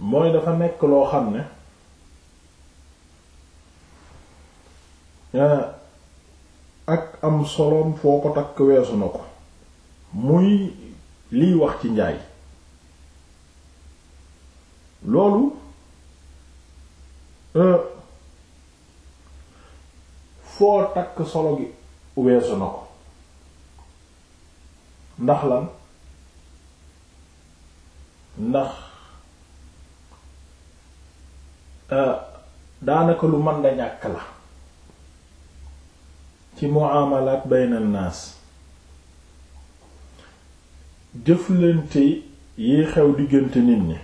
mooy dafa nekk loo xam ne eh, ak am soloom foo ko takk weesu na ko muy liy wax ci njaay loolu eh, foo takk solo gi weesu na ko ndax lan ndax Euh, daanaka lu mën da ñàkk la ci muamalaat bayna naas jëflante yi xew diggante nit ñi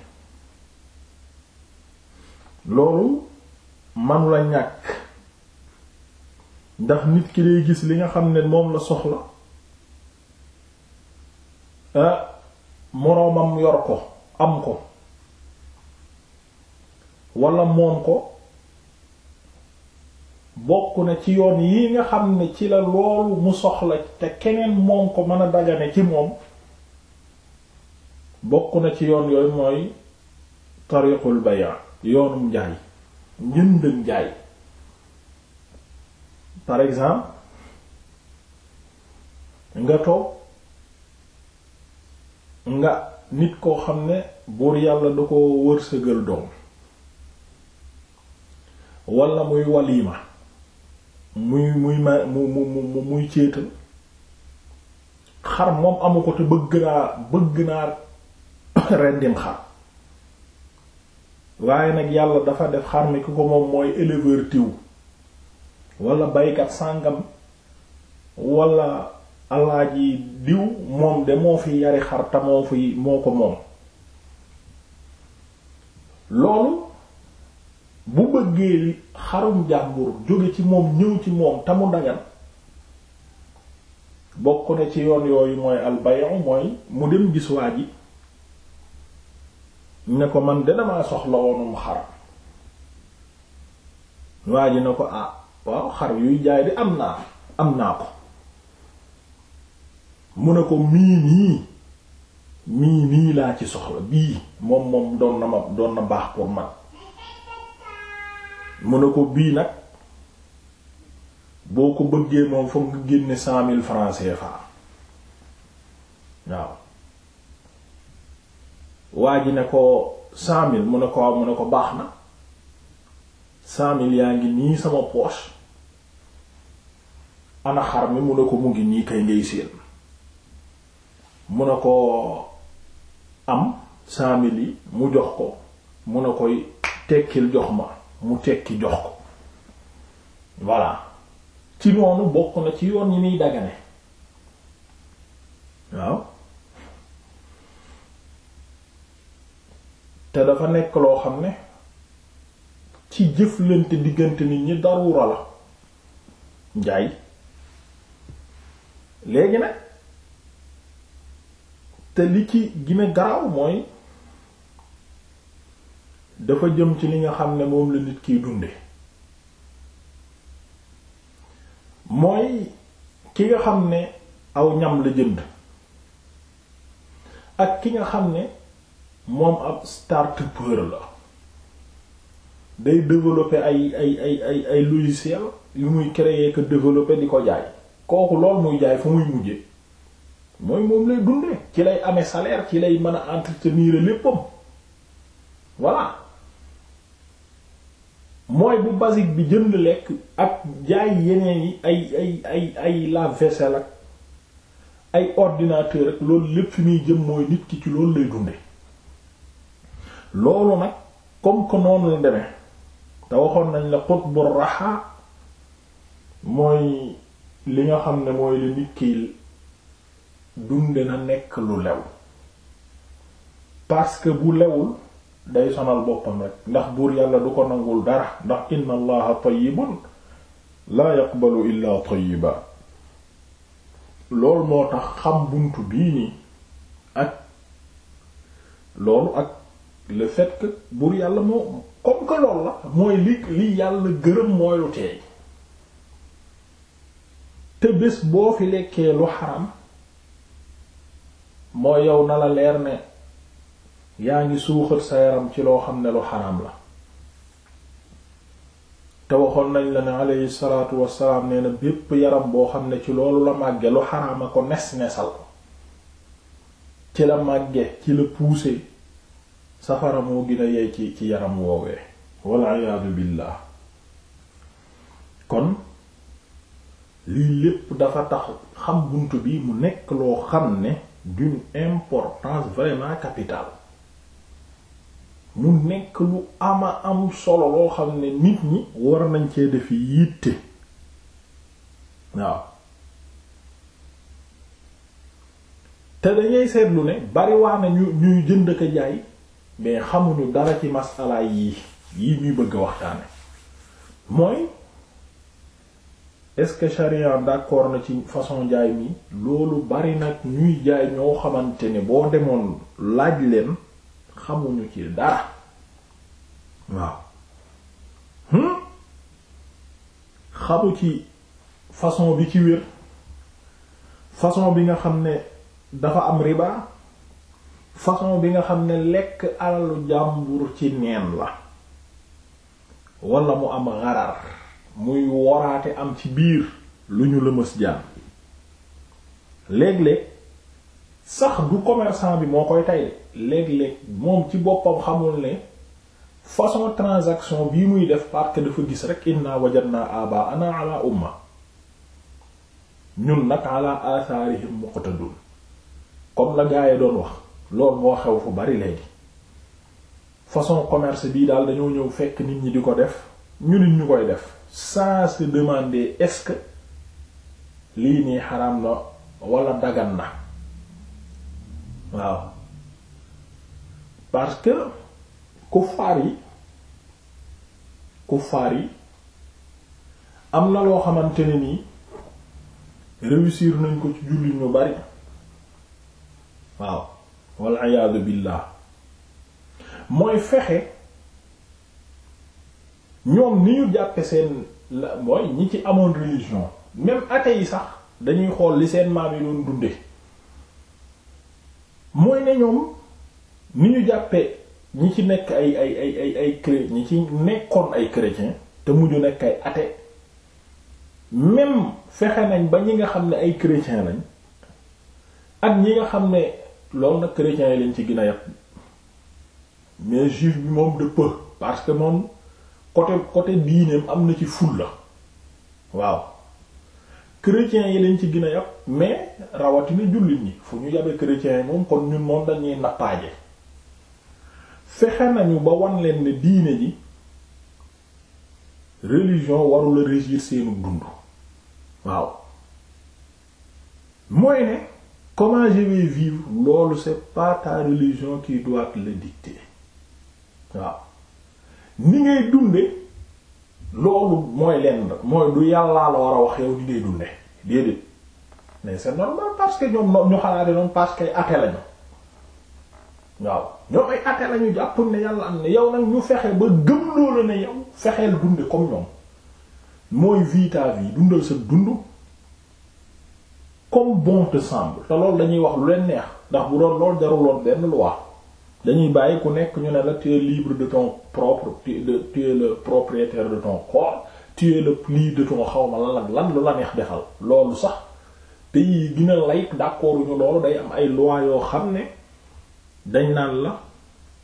loolu manu la ñàkk ndax nit ki day gis li nga xam ne moom la soxla ah moroomam yor ko am ko wala moom ko bokk na ci yoon yi nga xam ne ci la loolu mu soxla te keneen moom ko mën a dagane ci moom bokk na ci yoon yooyu mooy tariqul bayaa yoonum jaay njëndëm jaay par exemple nga toog nga nit koo xam ne buur yàlla da ko wër wërsëgal doom wala muy walima muy muy ma mu mu mu muy céetal xar moom amu ko te bëgg naa bëgg naa rendim xar waaye nag yàlla dafa def xar mi ku ko moom mooy éleveur tiw walla baykat sàngam wala alaaji diw moom de moo fi yari xar te fi moo ko moom loolu bu bëggee li xarum jàmbur jóge ci moom ñëw ci moom te mu bokk na ci yoon yooyu mooy albayu mooy mu dem gis waa ne ko man de damaa soxla woonum xar waa ji ne ko ah waaw xar yuy jaay di am naa am naa ko mu ne ko mii nii mii nii laa ci soxla bii moom moom doon na ma doon na baax pour man mu ne ko bii nag boo ko bëggee moom foog nga génne cent mille francs fa waaw waa ji ne ko cent mille mu ne ko mu ne ko baax na cent yaa ngi nii sama poche ana xar mi mu ne ko mu ngi nii kay ngay séen mu ne ko am cent mille yi mu jox ko mu ne koy tekkil jox ma mu tekki jox ko voilà ci noonu bokk na ci yoon yi niy dagane waaw te dafa nekk loo xam ne ci jëflante diggante nit ñi darura la njaay léegi nag te li ci gine garaaw mooy dafa jëm ci li nga xam ne moom la nit kiy dunde mooy ki nga xam ne aw ñam la jënd ak ki nga xam ne moom ab start-upeur la day développer ay ay ay ay ay logiciel yu muy créer ko développer di ko jaay kooku lool muy jaay fu muy mujje mooy moom lay dundee ci lay amee salaire ci lay mën a entretenir léppam voilà mooy bu basique bi jënd lekk ak jaay yeneen yi ay ay ay ay ak ay ordinateur ak loolu lépp fi muy jëm mooy nit ki ci loolu lay dunde loolu nag comme que noonu la demee te waxoon nañ la qutbu raha mooy li nga xam ne mooy li nit ki dunde na nekk lu lew parce que bu lewul day sonal boppam rek ndax buur yàlla du ko nangul dara ndax inna allaha tayyibun laa yaqbalu illa tayyiba loolu moo tax xam bunt bii nii ak loolu ak le fait buur yàlla moo comme que loolu la mooy li li yàlla gërëm mooy teey te bés boo fi lekkee lu xaram mooy yow na la leer ne yaa ngi suuxat sa yaram ci loo xam ne lu xaraam la te waxoon nañ la ne alayhi salaatu wassalaam nee na bépp yaram boo xam ne ci loolu la màgge lu xaraama ko nes-nesal ci la màgge ci la poussé safara moo gën a ci ci yaram woowee waliyaadu billaah kon lii lépp dafa tax xam bunt bi mu nekk loo xam ne d'une importance vraiment capitale mu nekk lu ama am solo loo xam ne nit ñi war nañ cee def yitte waaw te dañuy seetlu ne bari wax na ñu ñuy jënd ko jaay mais xamuñu dara ci masalaay yii yii ñuy bëgg a waxtaane mooy est-ce que charia d'accord na ci façon jaay mi loolu bari nag ñuy jaay ñoo xamante ne boo demoon laaj leen amuñu ci dara waaw xamu ci façon bi ci wér façon bi nga xam ne dafa am riba façon bi nga xam ne lekk alalu jàmbur ci neen la wala mu am xarar muy woraate am ci biir lu ñu lëmës jaan léeg-léeg sax du commerçant bi moo koy tay de léeg-léeg moom ci boppam xamul ne façon transaction bii muy def parce que dafa gis rek inna wajadna aba ana ala umma ñun nag ala atharihim muqtadun comme la gars yi doon wax loolu moo xew fu bari léegi façon commerce bii daal dañoo ñëw fekk nit ñi di ko def ñu nit ñu koy def sans se demander est-ce que lii nii xaraam na wala dagan na waaw parce que kuffaar yi kuffaar yi am na loo xamante ne nii réussir nañ ko ci jullit ñu bari waaw wal iyaadu billaah mooy fexe ñoom ni ñu jàppe seen la mooy ñi ci amoon religion même athée yi sax dañuy xool li seen maam yi doon dunde mooy ne ñoom ni ñu jàppe ñi ci nekk ay ay ay ay ay chrétien ñi ci nekkoon ay chrétien te mujj nekk ay athée même fexe nañ ba ñi nga xam ne ay chrétien lañ ak ñi nga xam ne loolu nag chrétiens yi lañ ci gën a yàpp mais juif bi moom de peu parce que moom côté côté diineem am na ci ful la waaw chrétiens yi lañ ci gën a yab mais rawatina jullit ñi fu ñu yabe chrétiens yi moom kon ñun moom dañuy nappaaje fexe nañu ba wan leen ne diine ji religion warula régir seenu dund waaw mooy ne comment je vais vivre loolu c'est pas ta religion qui doit le dicter waaw ni ngay dunde loolu mooy lenn mooy du yàllaa la war a wax yow di dee dundee déedéet mais c'est normal parce que ñoom ñu xalaate noonu parce que ay athée lañu waaw ñoom ay athée lañu jàpp ne yàlla am na yow nag ñu fexee ba gëm loolu ne yow fexeel dunde comme ñoom mooy vie ta dundal sa dund comme bont te semble te loolu dañuy wax lu leen neex ndax bu doon loolu jaruloon benn loi dañuy bàyyi ku nekk ñu ne la tu es libre de ton propre tu es le propriétaire de ton corps tu es le libre de ton xawma lan ak lan lu la neex defal loolu sax pays yi gën a layk ñu loolu day am ay loi yoo xam ne dañ naan la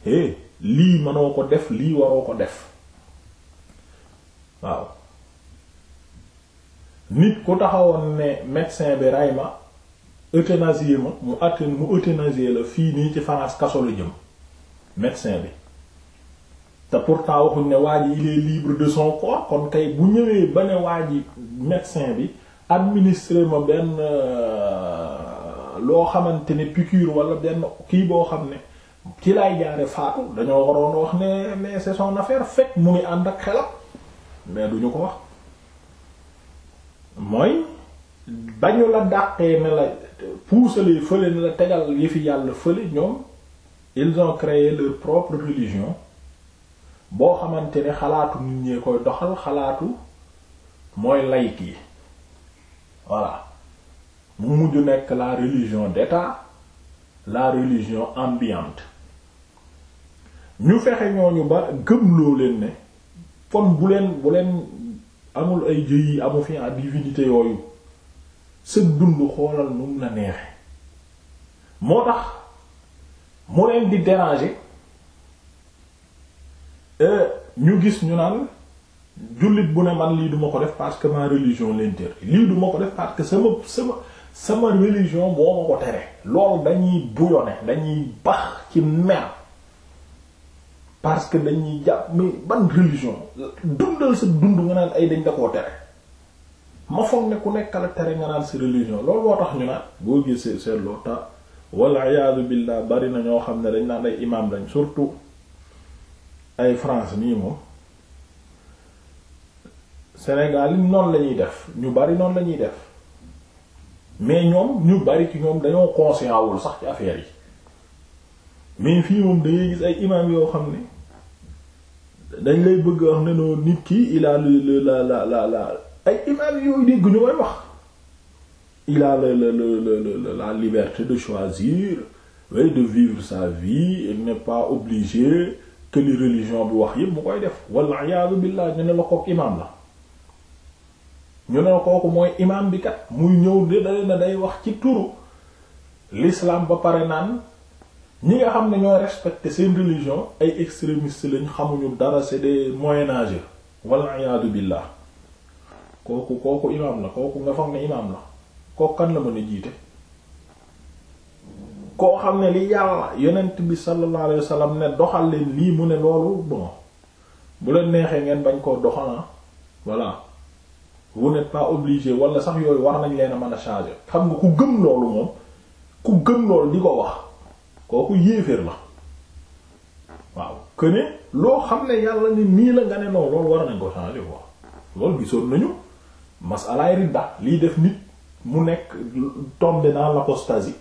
é eh, lii mënoo ko def lii waroo ko def waaw nit ku taxawoon ne médecin bi ray ma euthanasie ma mu atten mu euthanasie la fii nii ci France kaso jëm médecin bi te pourtant waxuñ ne waa ji il libre de son corps kon kay bu ñëwee ba ne waa ji médecin bi administré ma benn euh, loo xamante ne piqûre wala benn kii boo xam ne ci lay jaare faatu dañoo waroon wax ne mais c'est affaire fekk mu ngi ànd ak xelam mais duñu ko wax mooy bañu la dàqee ne la puusalee fële ne la tegal yëfi yàlla fële ñoom ils son créé leur propre religion boo xamante ne xalaatu nit ñee koy doxal xalaatu mooy laïc yi voilà mu mujj nekk la religion d'État la religion ambiante ñu fexe ñooñu ba gëmloo leen ne kon buleen leen amul ay jëy yi amu fi ak divinité yooyu sëg dund xoolal nu mu neexe moo tax mu leen di déranger euh, ñu gis ñu naan jullit bu ne man lii duma ko def parce que ma religion l'interdit lii duma ko def parce que sama sama sama religion boo ma ko tere loolu dañuy bouillonné dañuy bax ci mer parce que dañuy jàpp mais ban religion dundal sa dund nga naan ay dañ da koo tere ma foog ne ku nekk la tere nga naan sa religion loolu moo tax ñu naan boo gisee seetloo ta walla iyaadu billah bari na ñoo xam ne dañ naan ay imaam lañ surtout ay France nii moom Sénégal noonu lañuy def ñu bari noon la ñuy def mais ñoom ñu bari ci ñoom dañoo conscient wul sax ci affaire yi mais fii moom dangay gis ay imaam yoo xam ne dañ lay bëgg wax ne noo nit ki il la la la ay imaam yooyu dégg ñu may wax. il a le le le la liberté de choisir oui de vivre sa vie il n'est pas obligé que li religion bi wax yëpp mu koy def walla iyaadu billah ñu ne la kook imaam la ñu ne la kooku mooy imaam bi kat muy ñëw de day na day wax ci turu l'islam ba pare naan ñi nga xam ne ñooy respecter seen religion ay extrémistes lañ xamuñu dara c'est des moyen-âgeux walla iyaadu billah kooku kooku imaam la kooku nga foog ne imaam la koo kan la mën a jiite koo xam ne li yàlla yonent bi sallallahu alayhi wasallam ne doxal leen lii mu ne loolu bon bu leen neexee ngeen bañ koo doxal ah, voilà vous n'êtes pas obligé wala sax yooyu war nañ leen a mën a changer xam nga ku gëm loolu moom ku gëm loolu di ko wax kooku yéeféer la waaw que ne loo xam ne yàlla ni nii la nga ne non loolu war nañ ko changer quoi loolu gisoon nañu masalaay ridda liy def nit. mu nekk tombé dans l'apostasie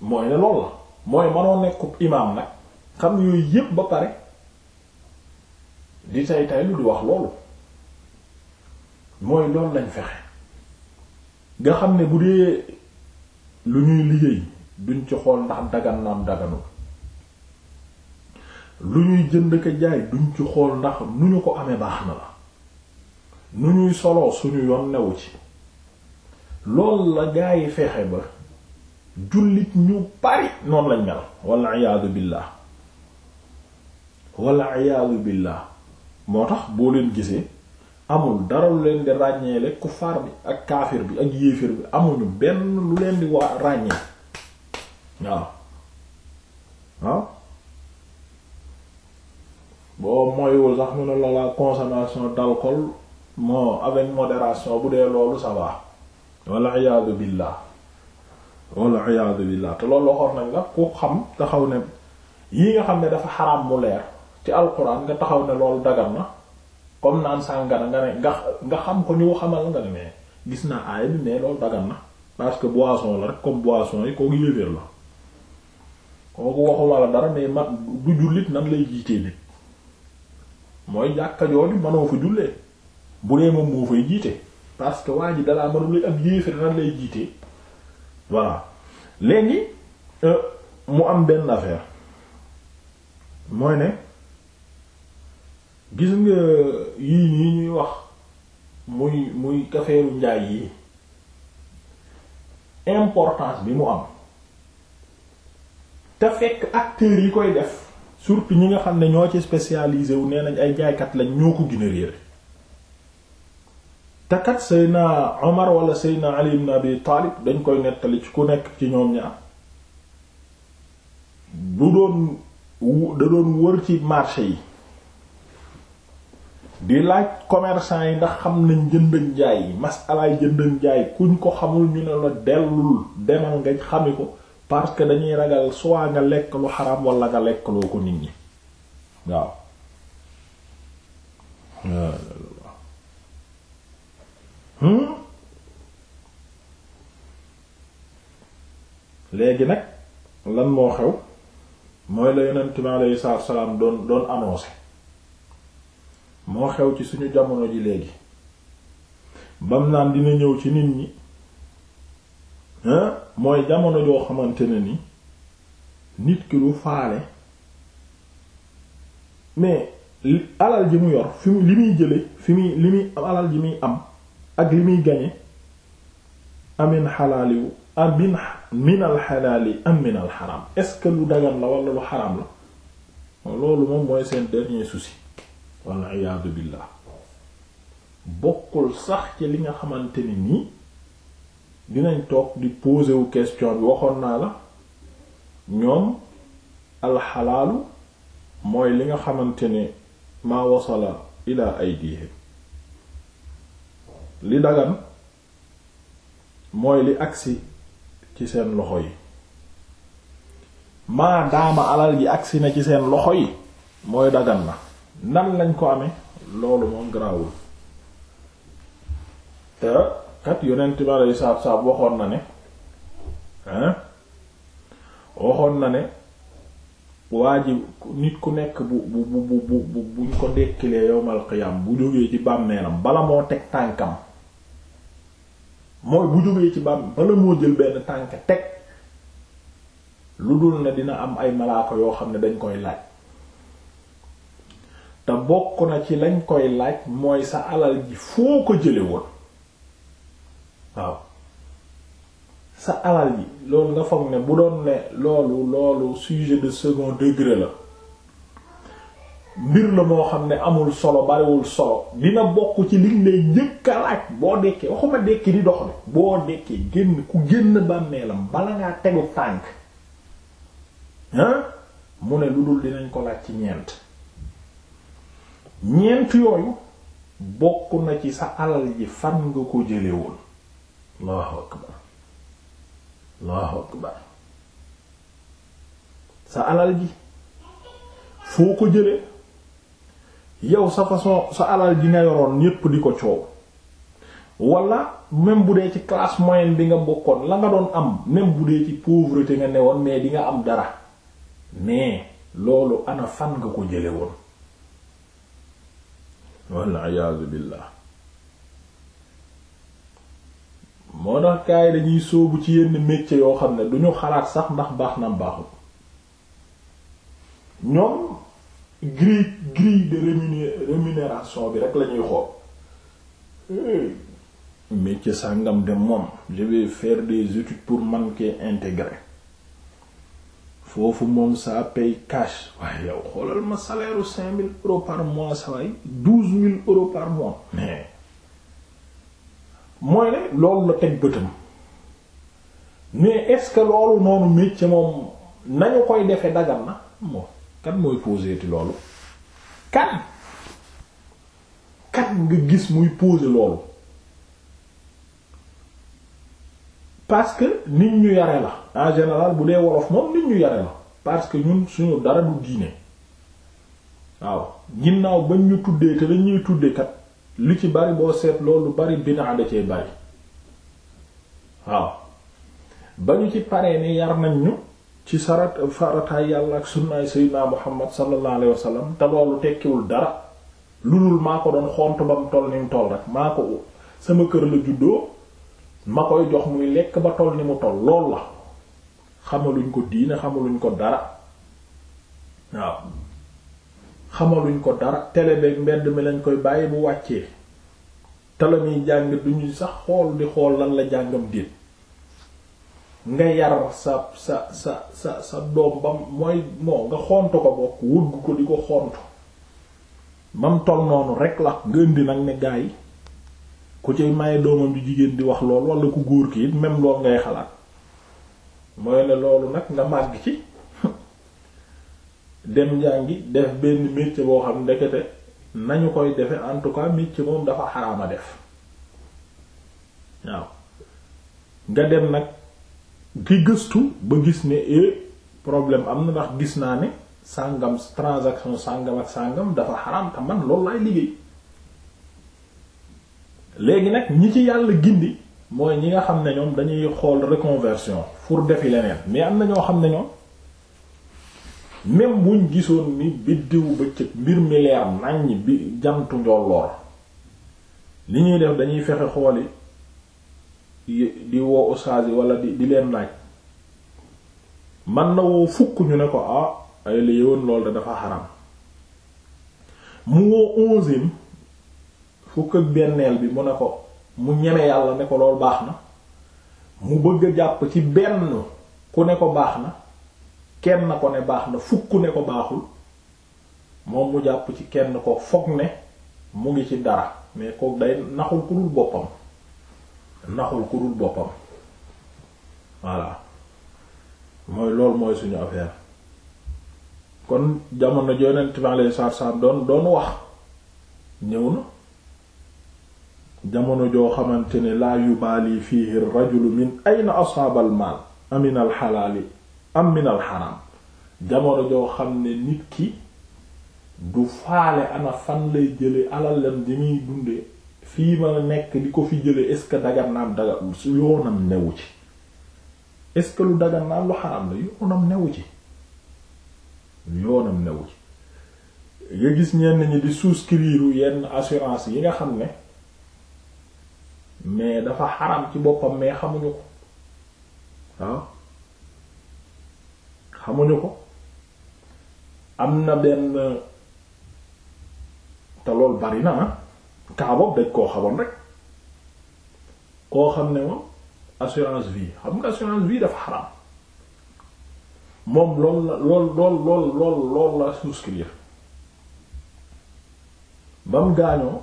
mooy ne loolu la mooy mënoo nekkub imaam nag xam yooyu yépp ba pare di tay tay lu di wax loolu mooy loolu lañ fexe nga xam ne bu dee lu ñuy liggéey duñ ci xool ndax dagan naam daganul lu ñuy jënd ko jaay duñ ci xool ndax nu ñu ko amee baax na la nu ñuy soloo suñu yoon newu ci loolu la gaa yi fexe ba jullit ñu bari noonu lañ mel walla iyaadu billaah walla iyaadu billaah moo tax boo leen gisee amul dara lu leen di ràññeele kuffaar bi ak kaafir bi ak yéefir bi amuñu benn lu leen di waa ràññee waaw waaw boo moywul sax mu ne la la consommation d'alcool moo avec modération bu dee loolu ça va walla iyaadu billaah walla iyaadu billaah te loolu waxoon nañ la ku xam taxaw ne yi nga xam ne dafa xaraam mu leer ci alxuraan nga taxaw ne loolu dagan na comme naan sàngara nga ne nga xam ko ñu xamal nga ne gis naa aaya bi mais loolu dagan na parce que boisson la rek comme boisson yi kooku yéeféer la kooku waxu walla dara mais ma du jullit nan lay jiitee nit mooy jàkka jooju manoo fa jullee bu dee moom moo fay jiite parce que waa ji dalaa mënul ak yéefar nan lay jiitee voilà léegi euh, mu am benn affaire mooy ne gis nga yii nii ñuy wax muy muy kafeeru njaay yi importance bi mu am te fekk acteurs yi koy def surtout ñi nga xam ne ñoo ci spécialisé wu nee nañ ay jaaykat lañ ñoo ko gën réer takat Seydina Omar wala Seydina Ali ibn Abi Taalib dañ koy nettali ci ku nekk ci ñoom ñaar bu doon da doon wër ci marché yi di laaj commerçant yi ndax xam nañ jënd ak jaay yi masalaay jënd jaay kuñ ko xamul ñu ne la dellul demal nga xami ko parce que dañuy ragal soit nga lekk lu xaram wala nga lekk loo ko nit ñi waaw Hmm? léegi nag lan moo xew mooy la yonent bi aleyhi salaam doon doon annoncé moo xew ci suñu jamono ji léegi bam naan dina ñëw ci nit ñi mooy jamono joo xamante ne ni nit ki du faale mais alal ji mu yor fi mu li muy jële fi muy li muy alal ji muy am ak li muy gañe amin xalaaliwu amin minal xalaali am minal xaram est-ce que lu dagan la wala lu xaram la loolu moom mooy seen dernier souci walla iyaadu billaah bokkul sax ci li nga xamante ni nii dinañ toog di poser wu question bi waxoon naa la ñoom alxalaalu mooy li nga xamante ne maa wasala ila aydihim li dagan mooy li agsi ci seen loxo yi maa daama alal yi agsi na ci seen loxo yi mooy dagan na nan lañ ko amee loolu moom garaawul te kat yonent bi aleyhi salaatu salaam waxoon na ne hein waxoon na ne waa ji nit ku nekk bu bu bu bu buñ ko dekkilee yowmal qiyam bu jógee ci bàmmeelam bala moo teg tànkam mooy bu jógee ci bam bala moo jël benn tànk teg lu dul ne dina am ay malaaka yoo xam ne dañ koy laaj te bokk na ci lañ koy laaj mooy sa alal ji foo ko jële woon waaw sa alal ji loolu nga foog ne bu doon ne loolu loolu sujet de second degré la mbir la moo xam ne amul solo bariwul solo dina bokk ci liñ njëkk laaj boo dekkee waxuma dekki di dox de boo dekkee génn ku génn bànneelam bala ngaa tegu tànk ah mu ne lu dul dinañ ko laaj ci ñeent ñeent yooyu bokk na ci sa alal ji fan nga ko jële woon allahu akbar allahu akbar sa alal ji foo ko jële yow sa façon sa alal ji nga yoroon ñépp di ko coow wala même bu dee ci classe moyenne bi nga bokkoon la nga doon am même bu dee ci pauvreté nga woon mais di nga am dara mais loolu ana fan nga ko jële woon walla iyaazu billaah moo tax kaay dañuy sóobu ci yenn métier yoo xam ne duñu xalaat sax ndax baax na baaxul ñoom grille grille de rémuné rémunération bi rek lañuy ñuy xool eh. métier sàngam dem moom je vais des études pour man kee intégrer foofu moom ça paye cash waaye yow xoolal ma salaire cinq mille euros par mois saa yi douze mille euros par mois mais mooy ne loolu la teg bëtam mais est loolu noonu métier moom nañu koy defe dagan na moom. kan mooy posé ti loolu kan kan nga gis muy posé loolu parce que nit ñu yare la en général bu dee wolof moom nit ñu yare la parce que ñun suñu dara du diine waaw ginnaaw bañ ñu tuddee te lañuy tuddee kat lu ci bari boo seet loolu bari binaa da cee bari waaw ba ñu ci paree ni yar nañ ñu ci sarat farataay yàlla ak sunnaay sayyidina muhammad sallallahu alayhi wa sallam te loolu tekkiwul dara lu dul maa ko doon xont ba mu toll ni mu toll rek maa ko sama kër la juddoo ma koy jox muy lekk ba toll ni mu toll lool la luñ ko diine xamaluñ ko dara waaw xamaluñ ko dara télé beeg mbedd mi lañ koy bàyyi bu wàccee te la ñuy jàng duñu sax xool di xool lan la jàngam déet nga yar sa sa sa sa sa doom ba mooy moo nga xontu ko bokk wëgg ko di ko xontu mam tol noonu rek la nga indi nag ne gaa yi ku ci maye doomam ju jigéen di wax lool wala ku góor ki it même lool ngay xalaat mooy ne loolu nag nga màgg ci dem njàngi def benn métier boo xam ndekete nañu koy defe en tout cas métier moom dafa xaraama def waaw nga dem nag ki gëstu ba gis ne e problème am na ndax gis naa ne sàngam transaction sàngam ak sàngam dafa xaraam te man loolu liggéey léegi nag ñi ci yàlla gindi mooy ñi nga xam ne ñoom dañuy xool reconversion pour defi leneen mais am na ñoo xam ne ñoom même buñ gisoon ni biddiwu bëccëg mbir mi leer naññ bi jantu njolloor li ñuy def dañuy fexe xooli di woo ustaas yi wala di di leen laaj man na woo fukk ñu ne ko ah ay la yëwoon lool da dafa xaram mu woo onzième fukk ak benneel bi mu ne ko mu ñeme yàlla ne ko lool baax na mu bëgg jàpp ci benn ku ne ko baax na kenn ko ne baax na fukk ne ko baaxul moom mu jàpp ci kenn ko foog ne mu ngi ci dara mais ko day naxul ku dul boppam naxul ku dul boppam voilà mooy loolu mooy suñu affaire kon jamono yonent bi alayhi salaatu salaam doon doon wax ñëw na jamono joo xamante ne laa yubaali fiihi rajulu min ayna asaabal maal aminal xalaali am minal xaraam jamono joo xam ne nit ki du faale ana fan lay jële alalam di muy dundee fii ma nekk di ko fi jële est-ce que dagan naam dagan su yoonam newu ci est-ce que lu dagan naam lu xaram la yoonam newu ci yoonam newu ci nga gis ñenn ñi di souscrire yenn assurance yi nga xam ne mais dafa xaram ci boppam mais xamuñu ko waaw xamuñu ko am na benn te lool bari na ah. kaaboog daj koo xamoon rek koo xam ne moom assurance vie xam nga assurance vie dafa xaraam moom lool la lool lool lool la souscrire ba gaañoo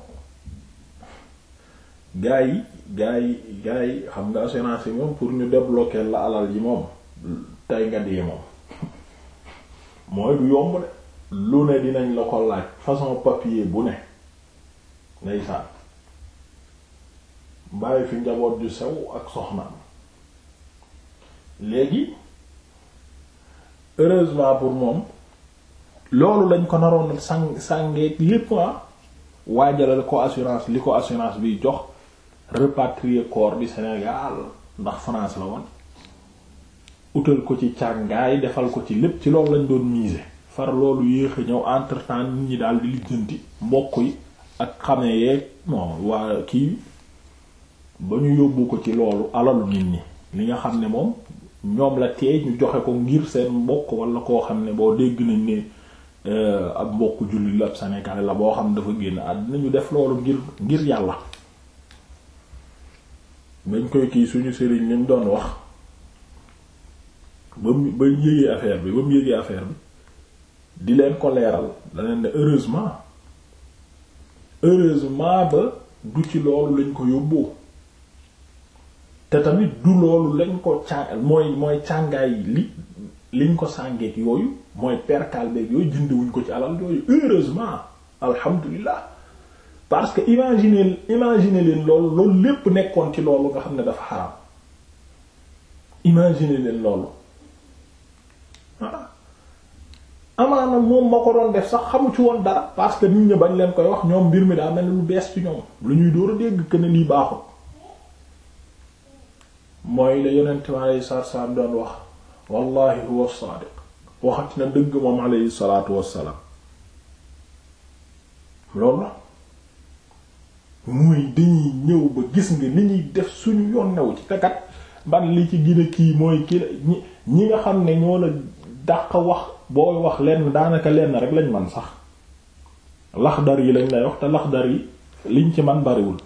gaa yi gaa yi gaa yi xam nga assurance yi moom pour ñu débloquer la alal yi moom tey nga dee moom mooy du yomb de lu ne dinañ la ko laaj façon papier bu ne ndeysaan bàyyi fi njaboot ju sew ak soxnaam léegi heureusement pour moom loolu lañ ko naroon sang sàngeet lépp ah waajalal ko assurance li ko assurance biy jox repatrier corps bi Sénégal ndax France la woon utal ko ci càngaay defal ko ci lépp ci loolu lañ doon miser far loolu yéex a ñëw entre temps nit ñi daal di lijjanti mbokk yi ak xamee yeeg bon waa kii ba ñu yóbbu ko ci loolu alalu nit ñi li nga xam ne moom ñoom la tee ñu joxe ko ngir seen mbokk wala koo xam ne boo dégg nañ ne euh, ab mbokk jullit la ab Sénégalais la boo xam dafa génn àddina ñu def loolu ngir ngir yàlla bañ koy kii suñu sëriñ lañ doon wax ba mu ba yëgee affaire bi ba mu yëgee affaire bi di leen ko leeral da leen heureusement heureusement ba du ci loolu lañ ko yóbboo te tamit du loolu lañ ko càng mooy mooy càngaay li liñ ko sàngeeg yooyu mooy perkal beeg yooyu jëndewuñ ko ci alal yooyu heureusement alhamdulilah parce que imagine imagine leen loolu loolu lépp nekkoon ci loolu nga xam ne dafa xaraam imagine leen loolu amaana moom ma ko doon def sax xamu ci woon dara parce que nit ñi bañ leen koy wax ñoom mbir mi daa mel lu bees ci ñoom lu ñuy door a dégg que ne lii baaxul mooy la yonent mi alayhi salaatu na dëgg moom alayhi salaatu wassalaam dañuy ñëw ba gis nga li ñuy def suñu yoon new ci takat ban li ci gina kii mooy ki ñi ñi nga xam ne ñoo la dàq wax boo wax lenn daanaka lenn rek lañ man sax dar yi lañ lay wax te lax laxdar yi liñ ci man bariwul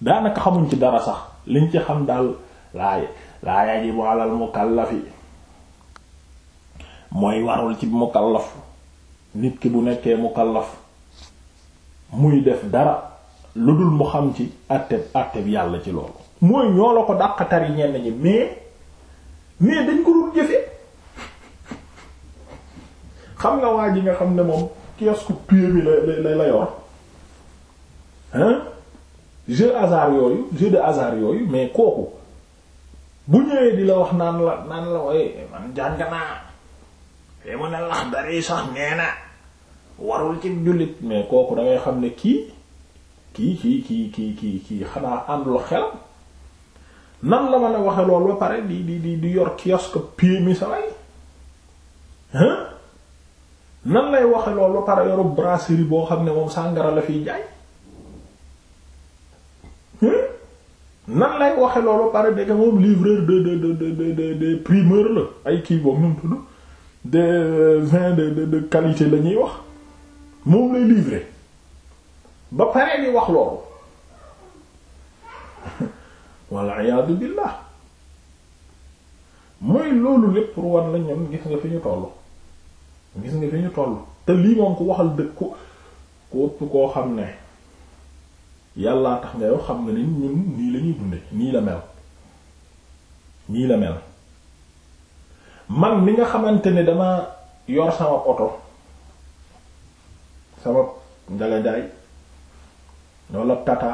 daanaka xamuñ ci dara sax liñ ci xam daal laa laa yajibu alal mukallafi mooy warul ci mukallaf nit ki bu nekkee mu mukallaf muy def dara lu dul mu xam ci àtteb àtteb yàlla ci loolu mooy ñoo la ko dàq tari ñenn ñi mais mais dañ ko dul jëfe xam nga waa ji nga xam ne moom kiosque pied bi la la yor hein jeu hasard yooyu jeu de hasard yooyu mais kooku bu ñëwee di la wax naan la naan la waaye man jàng naa te mu ne lax dari mais kooku da xam ne kii kii kii kii kii kii kii xanaa àndul xel nan la mën a waxe loolu ba pare di di di di yor kiosque pied mi sa way hein nan lay waxe loolu para yoru brasserie boo xam ne moom sàngara la fiy jaay hmm? nan lay waxe loolu para dégg moom livreur de de de de de de primeur la ay kii boobu ñoom tudd de euh, vin de de qualité la ñuy wax moom lay livrer ba pare ni wax loolu walla iyaadu billaah mooy loolu lépp pour won la ñoom gis nga fi ñu tollu gis nga fi ñu toll te lii moom ku waxal dëgg ku ku ëpp koo xam ne yàllaa tax nga yow xam nga ni ñun nii lañuy dunde nii la mel nii la mel man mi nga xamante ne dama yor sama oto sama njaganjaay walla tata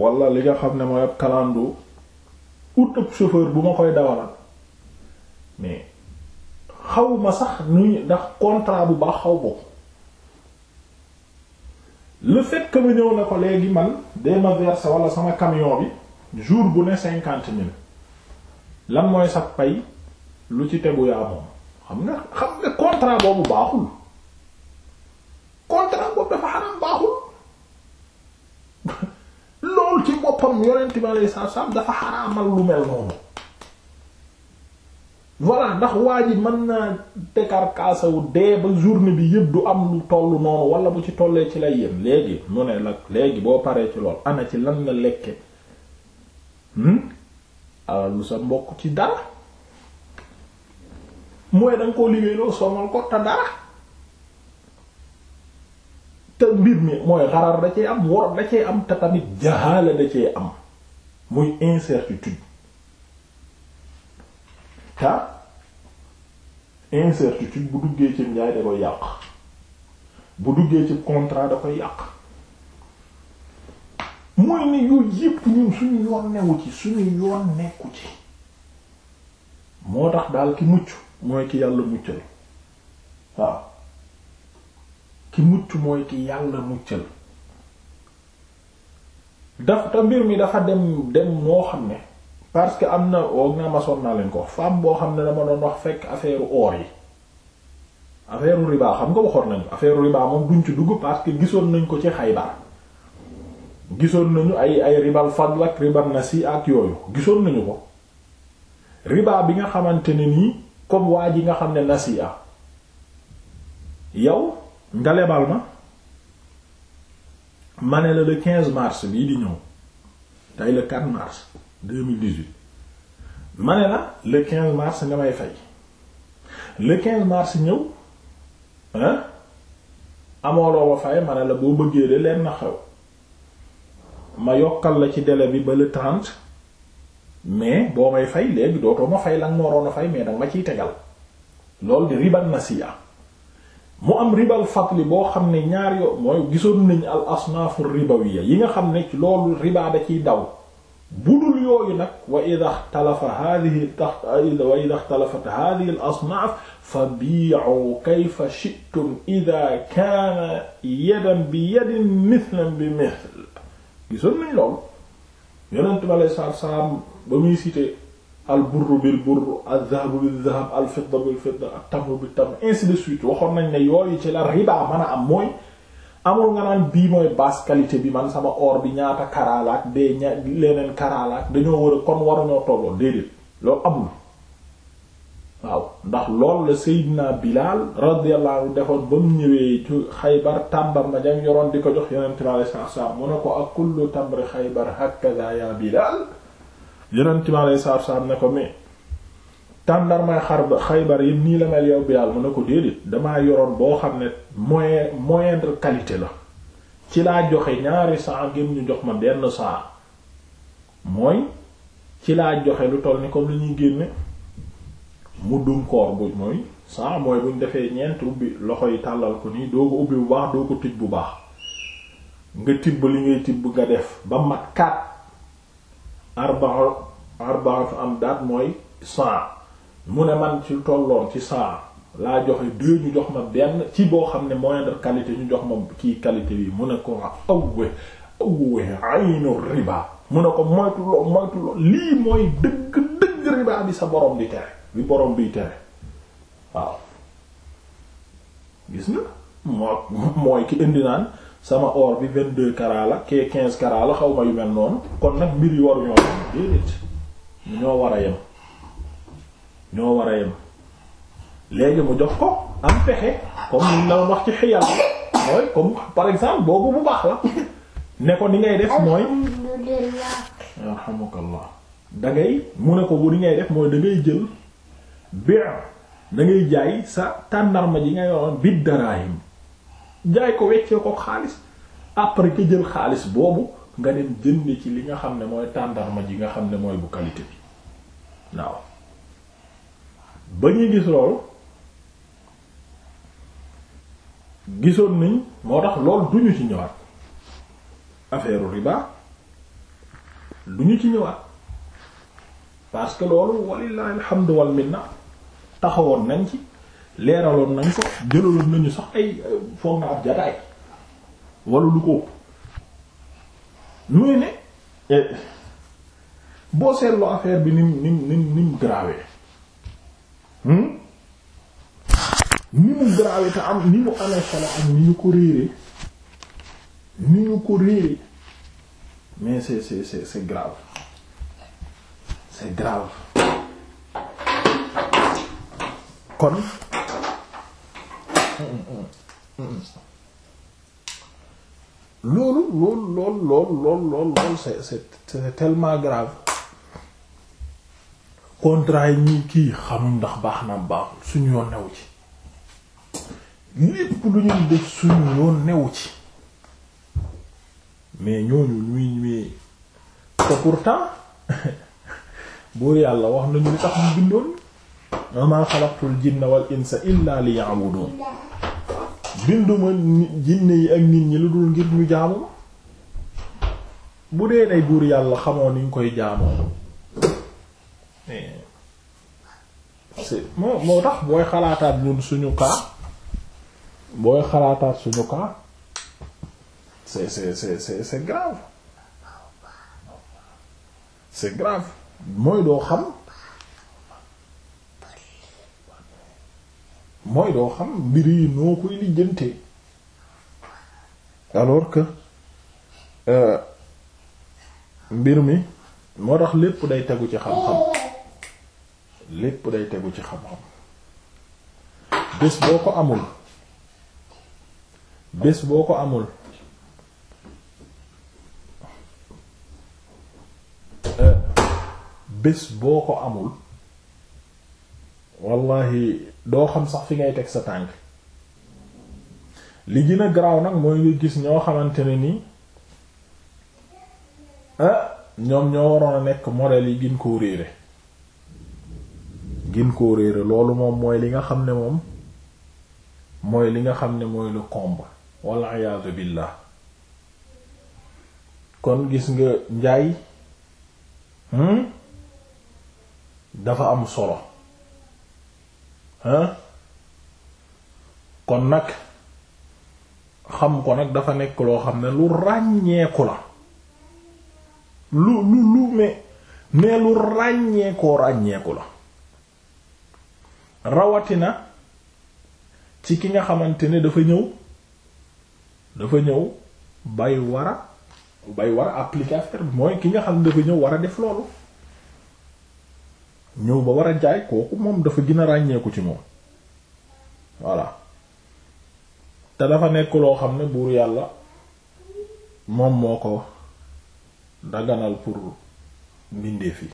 walla li nga xam ne mooy ab kalandu ut ab chauffeur bu ma koy dawalal mais xaw ma sax nuñ ndax contrat bu baax xaw bokk le fait que ma ñëw ne ko léegi man dee ma verser wala sama camion bi jour bu ne cinquante mille lan mooy sax pay lu ci tegu yaa moom xam nga xam nga contrat boobu baaxul contrat boobu dafa xaram baaxul loolu ci boppam yonent bi alayhi salaam dafa xaraamal lu mel noonu voilà ndax waa ji mën naa décarcasser wu dee ba journée bi yëpp du am lu toll noonu wala bu ci tollee ci lay yem léegi mu ne nag léegi boo paree ci lool ana ci lan nga lekke hmm? alal lu sa mbokk ci dara mooy da nga koo liggéeyloo somal ko te dara te mbir mi mooy xarar da ci am wor da cee am te tamit jaxaale da ci am muy incertitude ta incertitude bu duggee ci njaay da koy yàq bu duggee ci contrat da koy yàq mooy ne yooyu yépp ñun suñu yoon newu ci suñu yoon nekku ci moo tax daal ki mucc mooy ki yàlla muccal waaw ki mucc mooy ki yàlla muccal daf te mbir mi dafa dem dem moo xam ne parce que am na woog naa masoon naa leen ko femme boo xam ne dama doon wax fekk affaire or yi affaire riba xam nga waxoon nañu affaire riba moom duñ ci dugg parce que gisoon nañ ko ci Xaybar gisoon nañu ay ay ribal fadl ak ribal nasi ak yooyu gisoon nañu ko riba bi nga xamante ne nii comme waa ji nga xam ne nasi a yow nga lebal ma ma ne la le 15 mars bii di ñëw tey le mars 2018 ma la le 15 mars nga may fay le 15 mars ñëw ah amoo loo ba fay ma la boo bëggee de leen na xew ma yokkal la ci délai bi ba le 30 mais boo may fay léegi dootoo ma fay la nga waroon a fay mais danga ma ciy tegal loolu di ribal nasiya mu am ribal fadli boo xam ne ñaar yoo mooy gisoon nañ al asnaafu ribawiya yi nga xam ne loolu riba da ciy daw. budul yooyu nag wa idha ikhtalafa hadhihi wa idha ikhtalafat hadhihi al-asnaf fabi'u kayfa shi'tum idha kana yadan bi yadin mithlan bi mithl gisoon nañ loolu yonent bi alayhi salaatu salaam ba muy cité al-burru bil-burr adh-dhahabu bil-dhahab al-fidda bil-fidda at-tamru bit-tamr ainsi de suite waxoon nañ ne yooyu ci la riba mën a am mooy amul nga naan bii mooy basse qualité bi man sama or bi ñaata karaalaak dee ña leneen karaalaak dañoo war a kon waruñoo tolloo déedéet loolu amul waaw ndax loolu la Seydina Bilal radiyallahu anhu defoon ba mu ñëwee ci Xaybar tàmbar ma jam yoroon di ko jox Yonent bi alayhi salaatu salaam mu ne ko ak kullu tamri Xaybar hakaza ya Bilal Yonent bi alayhi salaatu salaam ne ko mais tàndarmay xarba xaybar yi nii la mel yow bi yàlla mu ne ko déedéet damaa yoroon boo xam ne moyen moindre qualité la ci laa joxe ñaari saa ngir ñu jox ma benn saa mooy ci laa joxe lu toll ni comme li ñuy génne mu dum koor mooy saa mooy buñ defee ñeent ubbi loxo yi tàllal ko nii doo ko ubbi bu baax doo ko tëj bu baax nga tibb li ngay tibb nga def ba mat kaat arba'a arba'a am daat mooy saa mu ne man ci tolloon ci saa laa joxe deux ñu jox ma benn ci boo xam ne moindre qualité ñu jox ma kii qualité bi mu ne ko awwe awwe aynu riba mu ne ko moytu loo moytu loo lii mooy dëgg dëgg riba bi sa borom di tere bi borom biy tere waaw gis na moo mooy ki indi naan sama or bi vingt-deux carats la kee quinze carats xaw ma yu mel noonu kon nag mbir yi waruñoo déedéet ñoo war a yem ñoo war a yem léegi mu jox ko am pexe comme ni la wax ci xiyal mooy comme par exemple boobu bu baax la ne ko ni ngay def mooy alhamdulilah da ngay mu ne ko bu ni ngay def mooy da ngay jël biir da ngay jaay sa tàndarma ji nga yoroon bid daraahim jaay ko weccee ko xaalis après que jël xaalis boobu nga jën jënd ci li nga xam ne mooy tàndarma ji nga xam ne mooy bu qualité bi waaw ba ñuy gis loolu gisoon nañ moo tax loolu duñu ci ñëwaat affaire riba ñu ci ñëwaat parce que loolu walillahi alhamdu wal minna taxawoon nañ ci leeraloon nañ ko jëlaloon nañu sax ay euh, foog na ab jataay wala lu ko muy ne eh, boo seetloo affaire bi nim nim nim nim Hmm? ni mu grave te am ni mu amee solo am ni ñu ko réere ni ñu ko réere mais c'est c'est c'est grave c'est grave kon loolu loolu loolu loolu loolu loolu c'est c'est tellement grave contrat yi ñuy kii xamuñ ndax baax na baaxul suñu yoon newu ci lépp lu ñuy def suñu yoon newu ci mais ñooñu ñuy ñuy te pourtant buur yàlla wax nañu li tax ñu bindoon wa ma xalaqtul jinna wal insa illa liya'budun binduma jinne yi ak nit ñi lu dul ngir ñu jaamu bu dee day buur yàlla xamoon ni ñu koy jaamoo moo moo tax booy xalaataat ñun suñu cas booy xalaataat suñu cas c'est c'est c'est c'est grave c'est grave mooy doo xam mooy doo xam mbir yi noo koy lijjantee alors que euh, mbir mi moo tax lépp day tegu ci xam-xam lépp day tegu ci xam-xam bés boo ko amul bés boo ko amul euh, bés boo ko amul wallahi doo xam sax fi ngay teg sa tànk li gën a garaaw nag mooy nga gis ñoo xamante ne nii ah euh, ñoom ñoo waroon a nekk modèle yi gën koo réere gën koo réere loolu moom mooy li nga xam ne moom mooy li nga xam ne mooy lu combat walla iyaatu billaah kon gis nga njaay hmm dafa am solo hein kon nag xam ko nag dafa nekk loo xam ne lu ràññeeku la lu lu lu mais mais lu ràññeekoo ràññeeku la na ci ki nga xamante ne dafa ñëw dafa ñëw bay wara a bay war a appliquer affaire bi mooy ki nga xam ne dafa ñëw war a def loolu ñëw ba war a jaay kooku moom dafa gën a ràññeeku ci moom voilà te dafa nekk loo xam ne buur yàlla moom moo ko daganal pour mbindeef yi